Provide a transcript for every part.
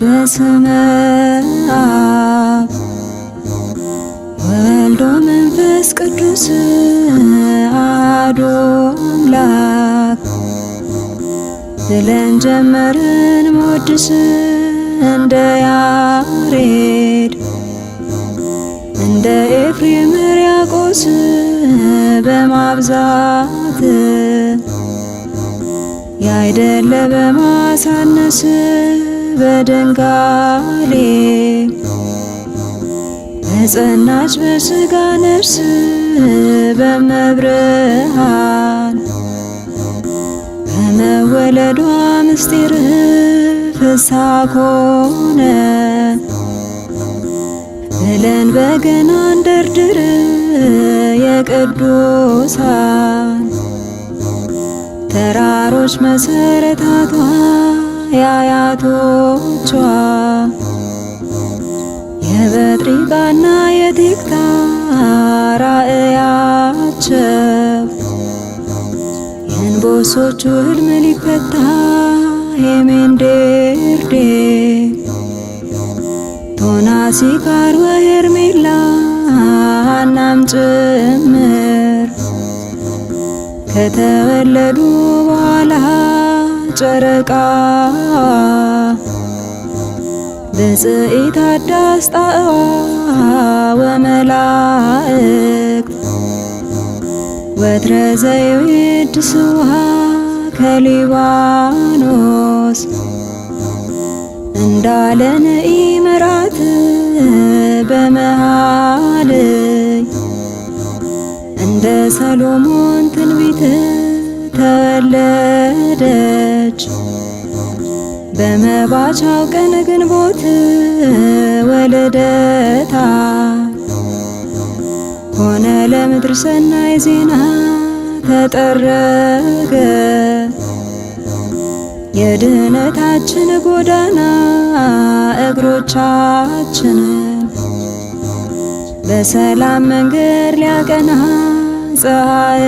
በስመ አብ ወልዶ መንፈስ ቅዱስ አሐዱ አምላክ ብለን ጀመርን መወድስ እንደ ያሬድ እንደ ኤፍሬም ርያቆስ በማብዛት ያይደለ በማሳነስ በድንጋሌ በጸናች በስጋ ነፍስ በመብርሃን በመወለዷ ምስጢር ፍሳ ኮነ ብለን በገና እንደርድር የቅዱሳን ተራሮች መሠረታቷ የአያቶቿ የበጥሪባና የቲክታ ራእያቸው የንቦሶቹ ህልም ሊፈታ የሜንዴርዴ ቶና ሲካር ወሄርሜላ ሐናም ጭምር ከተወለዱ በኋላ ጨረቃ ብጽኢት አዳስጣዋ ወመላእክት ወትረ ዘይድስዋ ከሊባኖስ እንዳለን ኢምራት በመሃልይ እንደ ሰሎሞን ትንቢት ተወለደች። በመባቻው ቀን ግንቦት ወለደታ ሆነ ለምድር ሰናይ ዜና ተጠረገ የድህነታችን ጎዳና እግሮቻችንን በሰላም መንገድ ሊያቀና ፀሐየ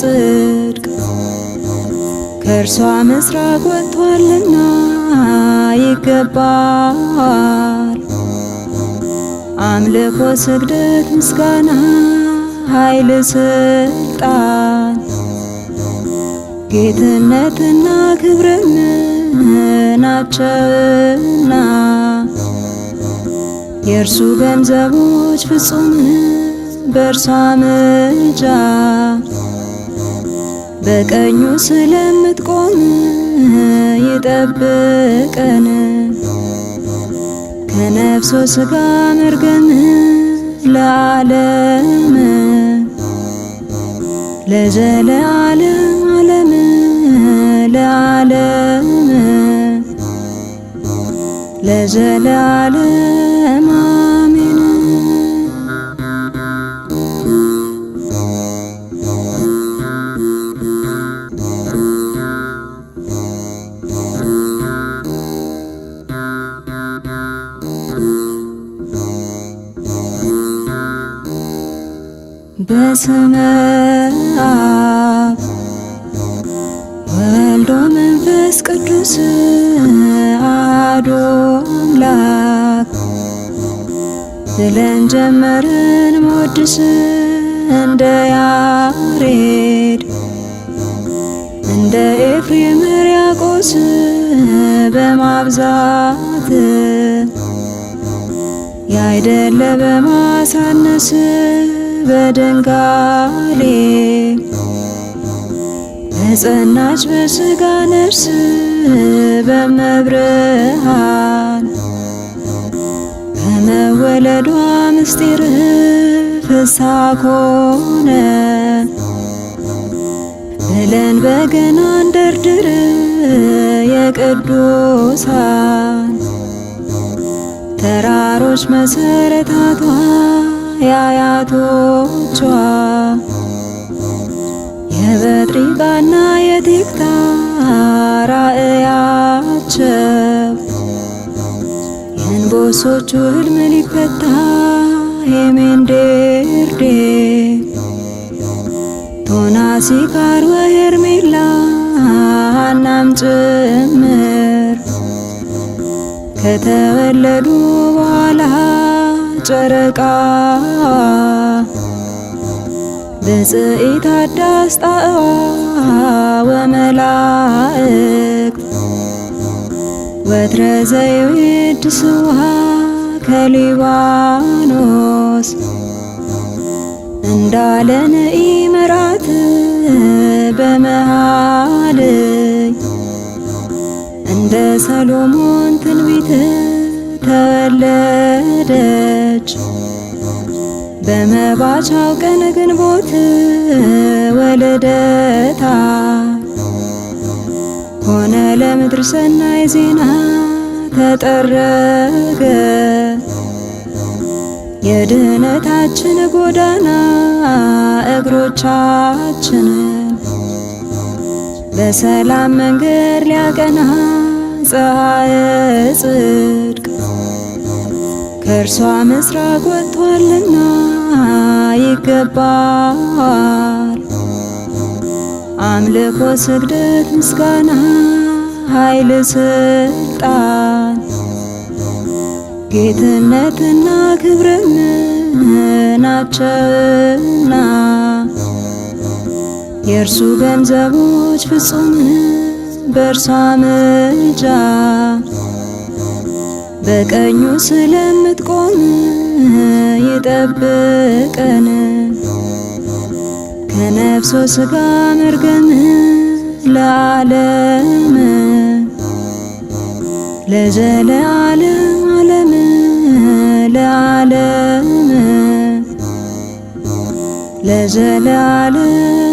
ጽድቅ እርሷ ምስራቅ ወጥቷልና ይገባል አምልኮ፣ ስግደት፣ ምስጋና፣ ኃይል፣ ስልጣን፣ ጌትነትና ክብርን ናቸውና የእርሱ ገንዘቦች ፍጹም በእርሷ ምልጃ በቀኙ ስለምትቆም ይጠብቀን ከነፍሶ ስጋ መርገም ለዓለም ለዘለዓለም ዓለም ለዓለም ለዘለዓለም በስመ አብ ወልድ ወመንፈስ ቅዱስ አሐዱ አምላክ ብለን ጀመርን መወድስ እንደ ያሬድ እንደ ኤፍሬም ርያቆስ በማብዛት ያይደለ በማሳነስ በደንጋሌ በጸናች በስጋ ነፍስ በመብርሃን በመወለዷ ምስጢር ፍሳ ኮነ ብለን በገና እንደርድር የቅዱሳን ተራሮች መሠረታቷ የአያቶቿ የበጥሪቃና የቲክታ ራእያቸው የንቦሶቹ ህልም ሊፈታ የሜንዴርዴ ቶና ሲካር ወሄርሜላ እናም ጭምር ከተወለዱ በኋላ ጨረቃ ብጽኢት አዳስጣዋ ወመላእክት ወትረ ዘይድስዋ ከሊባኖስ እንዳለን ኢምራት በመሃልይ እንደ ሰሎሞን ትንቢት ተወለደች። በመባቻው ቀን ግንቦት ወለደታ ሆነ ለምድር ሰናይ ዜና ተጠረገ የድህነታችን ጎዳና እግሮቻችንን በሰላም መንገድ ሊያቀና ፀሐየ ጽድቅ እርሷ ምስራቅ ወጥቷልና ይገባል አምልኮ፣ ስግደት፣ ምስጋና፣ ኃይል፣ ስልጣን፣ ጌትነትና ክብርን ናቸውና የእርሱ ገንዘቦች ፍጹም በእርሷ ምልጃ በቀኙ ስለምትቆም ይጠብቀን ከነፍሶ ስጋ መርገም ለዓለም ለዘለዓለም ዓለም ለዓለም ለዘለዓለም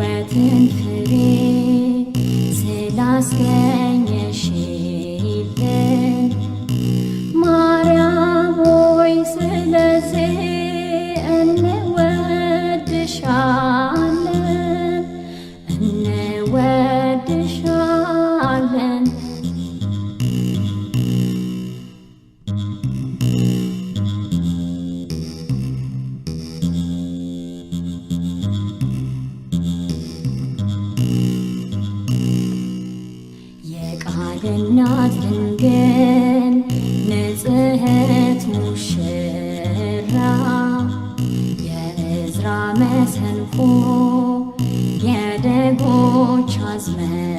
ሕይወትን ፍሬ ስላስገ muchas me.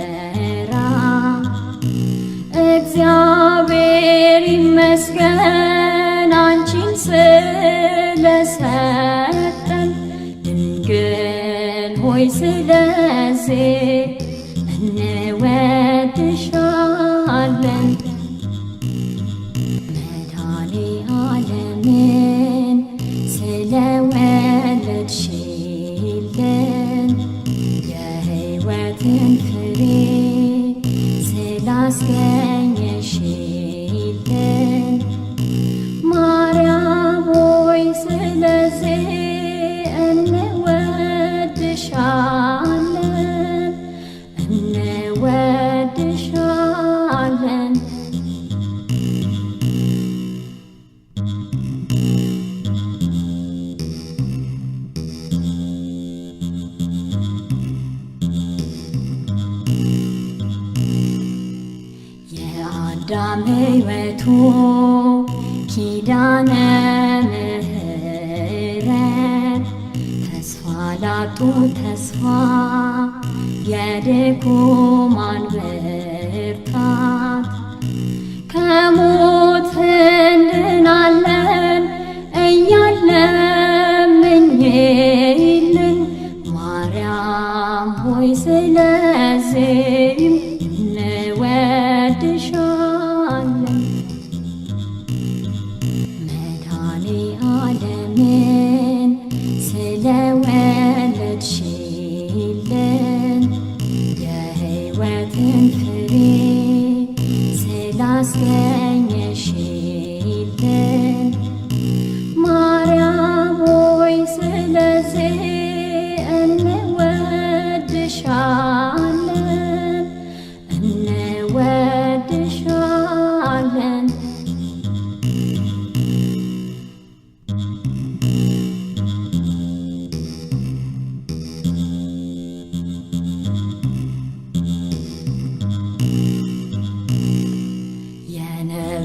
ሰላም ሆይ ስለዚህ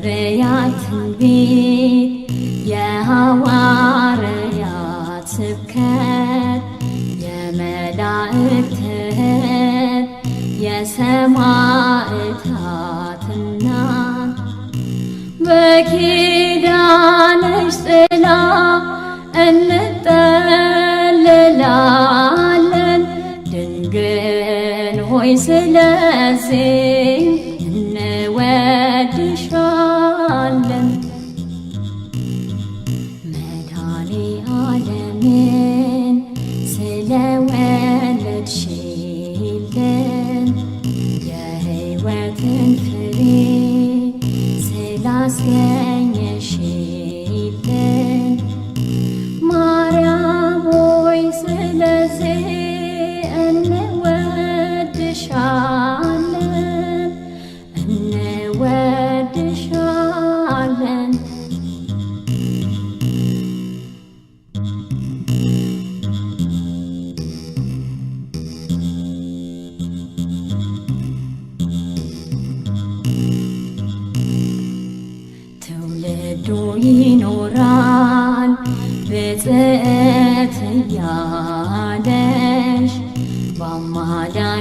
የነብያት ስብከት በኪዳንሽ ጥላ እንጠልላለን ድንግል ሆይ ስለዚህ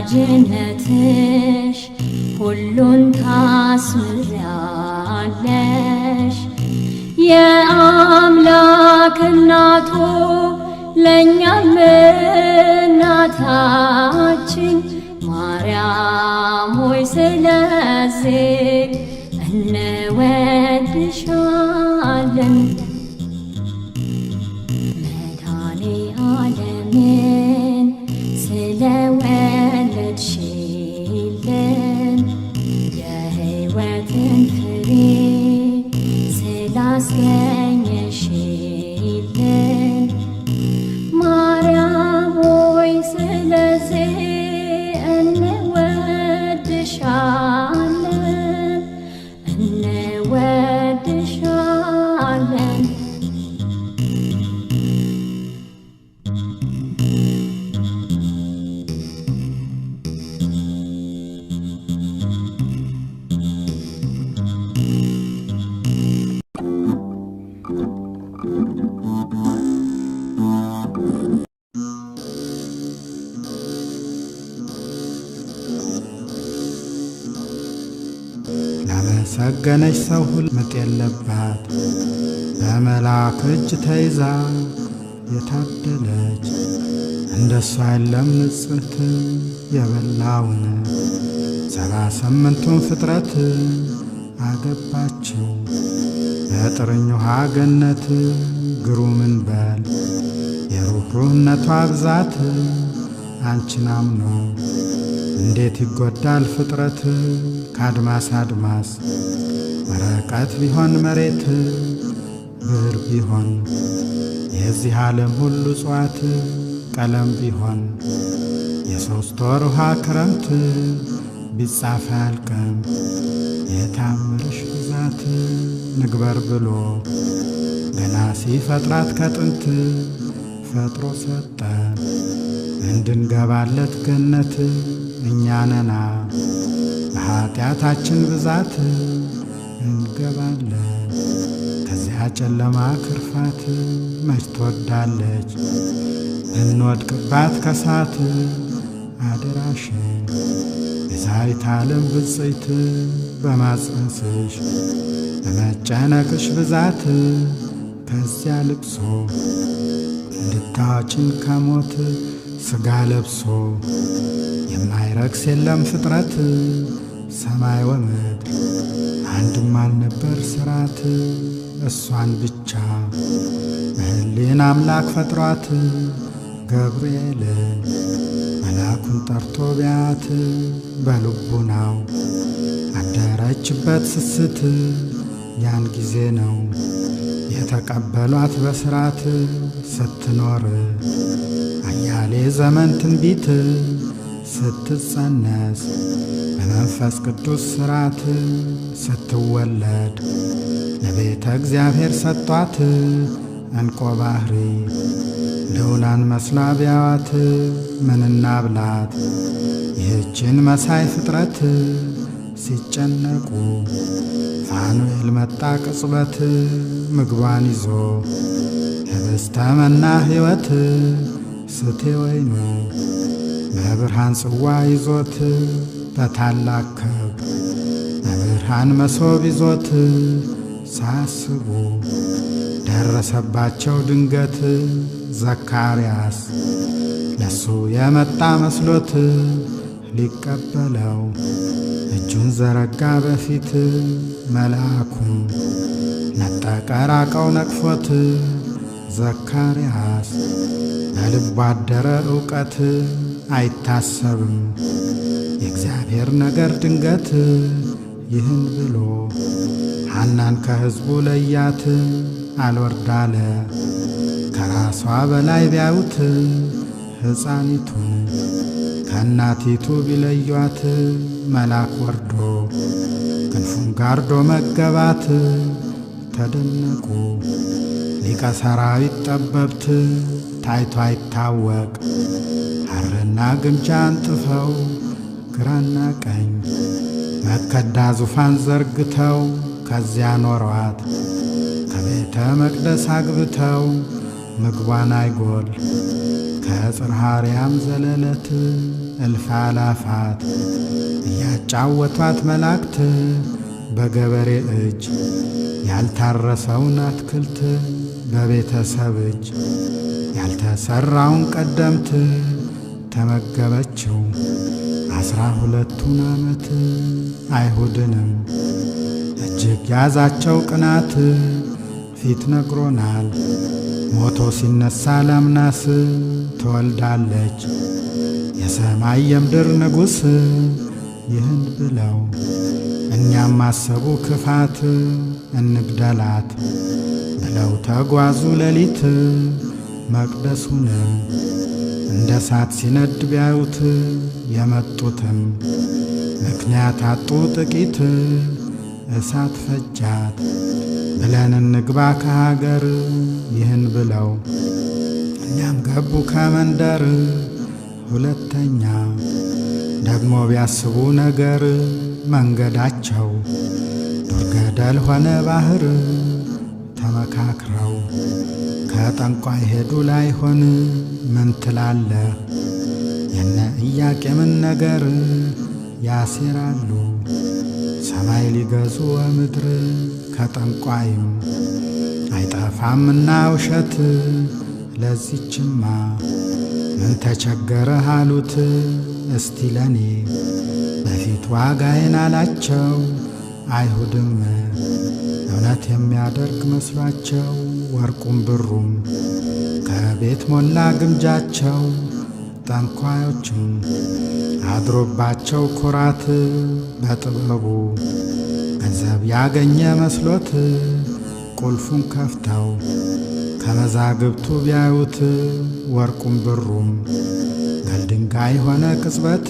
ወዳጅነትሽ ሁሉን ታስምራለሽ። የአምላክ እናቱ ለእኛም እናታችን ማርያም ሆይ ስለዚህ እንወድሻለን። I'm say and የለባት በመላክ እጅ ተይዛ የታደለች እንደ እሷ የለም ንጽሕት የበላውን ሰባ ስምንቱን ፍጥረት አገባችው በጥርኝ ውሃ ገነት ግሩምን በል የሩህሩህነቷ ብዛት አንቺን አምኖ እንዴት ይጎዳል ፍጥረት ከአድማስ አድማስ ርቀት ቢሆን መሬት ብር ቢሆን የዚህ ዓለም ሁሉ እጽዋት ቀለም ቢሆን የሦስት ወር ውሃ ክረምት ቢጻፍ አያልቅም የታምርሽ ብዛት ንግበር ብሎ ገና ሲፈጥራት ከጥንት ፈጥሮ ሰጠን እንድንገባለት ገነት እኛነና በኃጢአታችን ብዛት ትገባለች። ከዚያ ጨለማ ክርፋት መች ትወዳለች። እንወድቅባት ከሳት አደራሽን የዛይት ዓለም ብፅይት በማጽንስሽ በመጨነቅሽ ብዛት ከዚያ ልቅሶ እንድታዋችን ከሞት ስጋ ለብሶ የማይረክስ የለም ፍጥረት ሰማይ ወምን አንድም አልነበር ስራት እሷን ብቻ በህሌን አምላክ ፈጥሯት ገብርኤል መላኩን ጠርቶ ቢያት በልቡናው አደረችበት ስስት ያን ጊዜ ነው የተቀበሏት በስራት ስትኖር አያሌ ዘመን ትንቢት ስትጸነስ በመንፈስ ቅዱስ ስራት ስትወለድ ለቤተ እግዚአብሔር ሰጧት እንቆ ባህሪ ልውላን መስላ ቢያዋት ምንና ብላት ይህችን መሳይ ፍጥረት ሲጨነቁ ፋኑኤል መጣ ቅጽበት ምግቧን ይዞ መና ሕይወት ስቴ ወይኑ በብርሃን ጽዋ ይዞት በታላከ ብርሃን መሶብ ይዞት ሳስቡ ደረሰባቸው ድንገት ዘካርያስ ለሱ የመጣ መስሎት ሊቀበለው እጁን ዘረጋ በፊት መልአኩ ነጠቀራቀው ነቅፎት ዘካርያስ በልቡ አደረ እውቀት አይታሰብም የእግዚአብሔር ነገር ድንገት ይህን ብሎ ሐናን ከሕዝቡ ለያት አልወርዳለ ከራሷ በላይ ቢያዩት ሕፃኒቱ ከእናቲቱ ቢለዩት መልአክ ወርዶ ክንፉን ጋርዶ መገባት ተደነቁ። ሊቀ ሰራዊት ጠበብት ታይቶ አይታወቅ ሐርና ግምጃ አንጥፈው ግራና ቀኝ መከዳ ዙፋን ዘርግተው ከዚያ ኖረዋት ከቤተ መቅደስ አግብተው ምግቧን አይጎል ከጽርሐ ዘለለት እልፍ አላፋት እያጫወቷት መላእክት በገበሬ እጅ ያልታረሰውን አትክልት በቤተሰብ እጅ ያልተሠራውን ቀደምት ተመገበችው። አስራ ሁለቱን ዓመት አይሁድንም እጅግ ያዛቸው ቅናት ፊት ነግሮናል ሞቶ ሲነሳ ላምናስ ትወልዳለች የሰማይ የምድር ንጉሥ ይህን ብለው እኛም ማሰቡ ክፋት እንግደላት ብለው ተጓዙ ሌሊት መቅደሱን እንደ እሳት ሲነድ ቢያዩት የመጡትን ምክንያት አጡ ጥቂት እሳት ፈጃት ብለን እንግባ ከሀገር ይህን ብለው እኛም ገቡ ከመንደር ሁለተኛ ደግሞ ቢያስቡ ነገር መንገዳቸው ዱር ገደል ሆነ ባህር ተመካክረው ከጠንቋይ ሄዱ ላይሆን ምን ትላለህ? የነ ኢያቄምን ነገር ያሴራሉ ሰማይ ሊገዙ ምድር ከጠንቋይም አይጠፋምና ውሸት ለዚችማ ምን ተቸገረ አሉት እስቲ ለኔ በፊት ዋጋዬን አላቸው አይሁድም እውነት የሚያደርግ መስሏቸው ወርቁም ብሩም ከቤት ሞላ ግምጃቸው ጠንኳዮችን አድሮባቸው ኩራት በጥበቡ ገንዘብ ያገኘ መስሎት ቁልፉን ከፍተው ከመዛግብቱ ቢያዩት ወርቁም ብሩም ከድንጋይ ሆነ ቅጽበት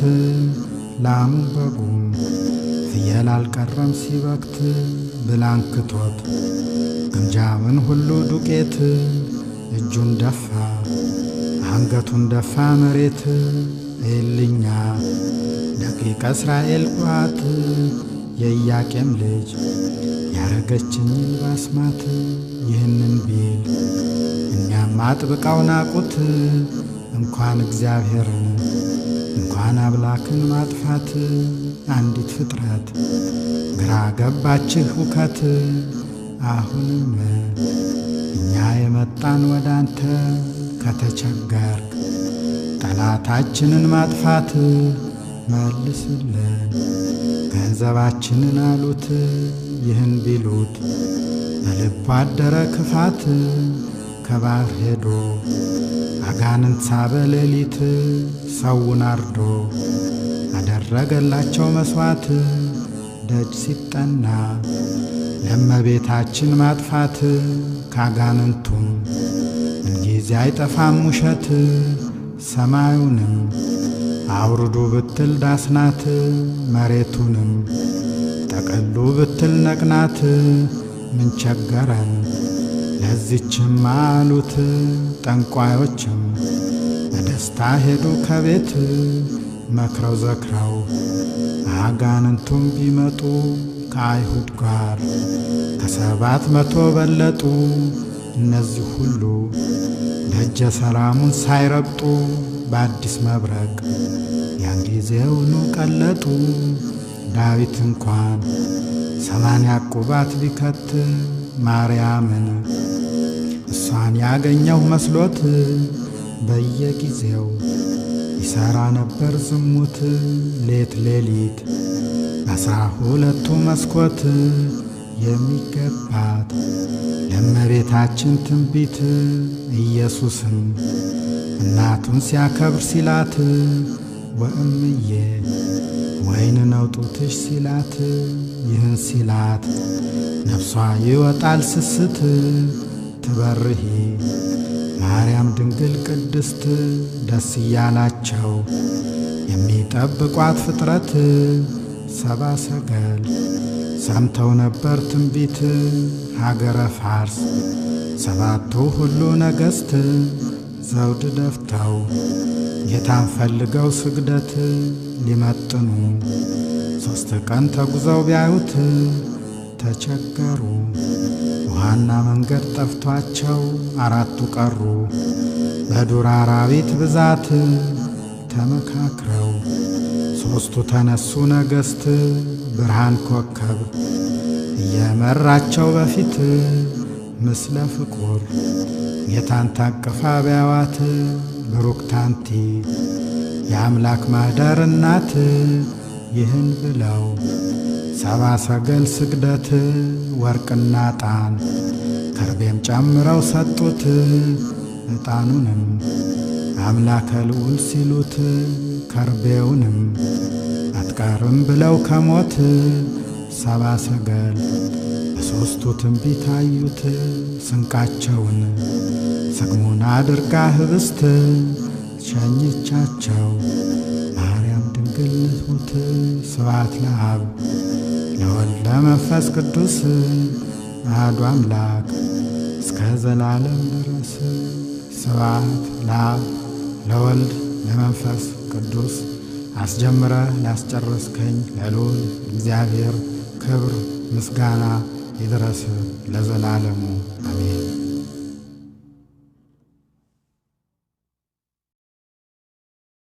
ላሙ በጉም ፍየል አልቀረም ሲበክት ብላንክቶት ግምጃምን ሁሉ ዱቄት እጁን ደፋ አንገቱን ደፋ መሬት እልኛ ደቂቀ እስራኤል ቋት የኢያቄም ልጅ ያረገችኝ ባስማት ይህንን ቢል እኛም አጥብቀው ናቁት። እንኳን እግዚአብሔርን እንኳን አምላክን ማጥፋት አንዲት ፍጥረት ግራ ገባችህ ሁከት። አሁንም እኛ የመጣን ወዳንተ ከተቸገር ጠላታችንን ማጥፋት መልስልን ገንዘባችንን አሉት ይህን ቢሉት በልቡ አደረ ክፋት ከባር ሄዶ አጋንንት በሌሊት ሰውን አርዶ አደረገላቸው መስዋዕት ደጅ ሲጠና ለመቤታችን ማጥፋት ካጋንንቱም ጊዜ አይጠፋም ውሸት ሰማዩንም አውርዱ ብትል ዳስናት መሬቱንም ጠቀሉ ብትል ነቅናት ምንቸገረን ለዚችም አሉት ጠንቋዮችም በደስታ ሄዱ ከቤት መክረው ዘክረው አጋንንቱም ቢመጡ ከአይሁድ ጋር ከሰባት መቶ በለጡ እነዚህ ሁሉ ደጀ ሰላሙን ሳይረግጡ በአዲስ መብረቅ ያን ጊዜውኑ ቀለጡ። ዳዊት እንኳን ሰማንያ ቁባት ቢከት ማርያምን እሷን ያገኘው መስሎት በየጊዜው ይሠራ ነበር ዝሙት ሌት ሌሊት አስራ ሁለቱ መስኮት የሚገባት ለመቤታችን ትንቢት ኢየሱስም እናቱን ሲያከብር ሲላት ወእምዬ ወይን ጡትሽ ሲላት ይህን ሲላት ነፍሷ ይወጣል ስስት ትበርሂ ማርያም ድንግል ቅድስት ደስ እያላቸው የሚጠብቋት ፍጥረት ሰባ ሰገል ሰምተው ነበር ትንቢት ሀገረ ፋርስ ሰባቱ ሁሉ ነገሥት ዘውድ ደፍተው ጌታን ፈልገው ስግደት ሊመጥኑ ሦስት ቀን ተጉዘው ቢያዩት ተቸገሩ። ውሃና መንገድ ጠፍቷቸው አራቱ ቀሩ። በዱር አራዊት ብዛት ተመካክረው ሦስቱ ተነሱ ነገሥት ብርሃን ኮከብ እየመራቸው በፊት ምስለ ፍቁር ጌታን ታቅፋ ቢያዋት ታንቲ የአምላክ ማኅደር እናት ይህን ብለው ሰባ ሰገል ስግደት ወርቅና ዕጣን ከርቤም ጨምረው ሰጡት። ዕጣኑንም አምላከ ልዑል ሲሉት ከርቤውንም አትቀርም ብለው ከሞት ሰባ ሰገል ሦስቱ ትንቢት አዩት ስንቃቸውን ሰግሞን አድርጋ ህብስት ሸኝቻቸው ማርያም ድንግል ንትሙት ስብሐት ለአብ ለወልድ ለመንፈስ ቅዱስ አሐዱ አምላክ እስከ ዘላለም ድረስ ስብሐት ለአብ ለወልድ ለመንፈስ ቅዱስ። አስጀምረህ ላስጨረስከኝ ለልዑል እግዚአብሔር ክብር ምስጋና لدراسة لا زال أعلم أمين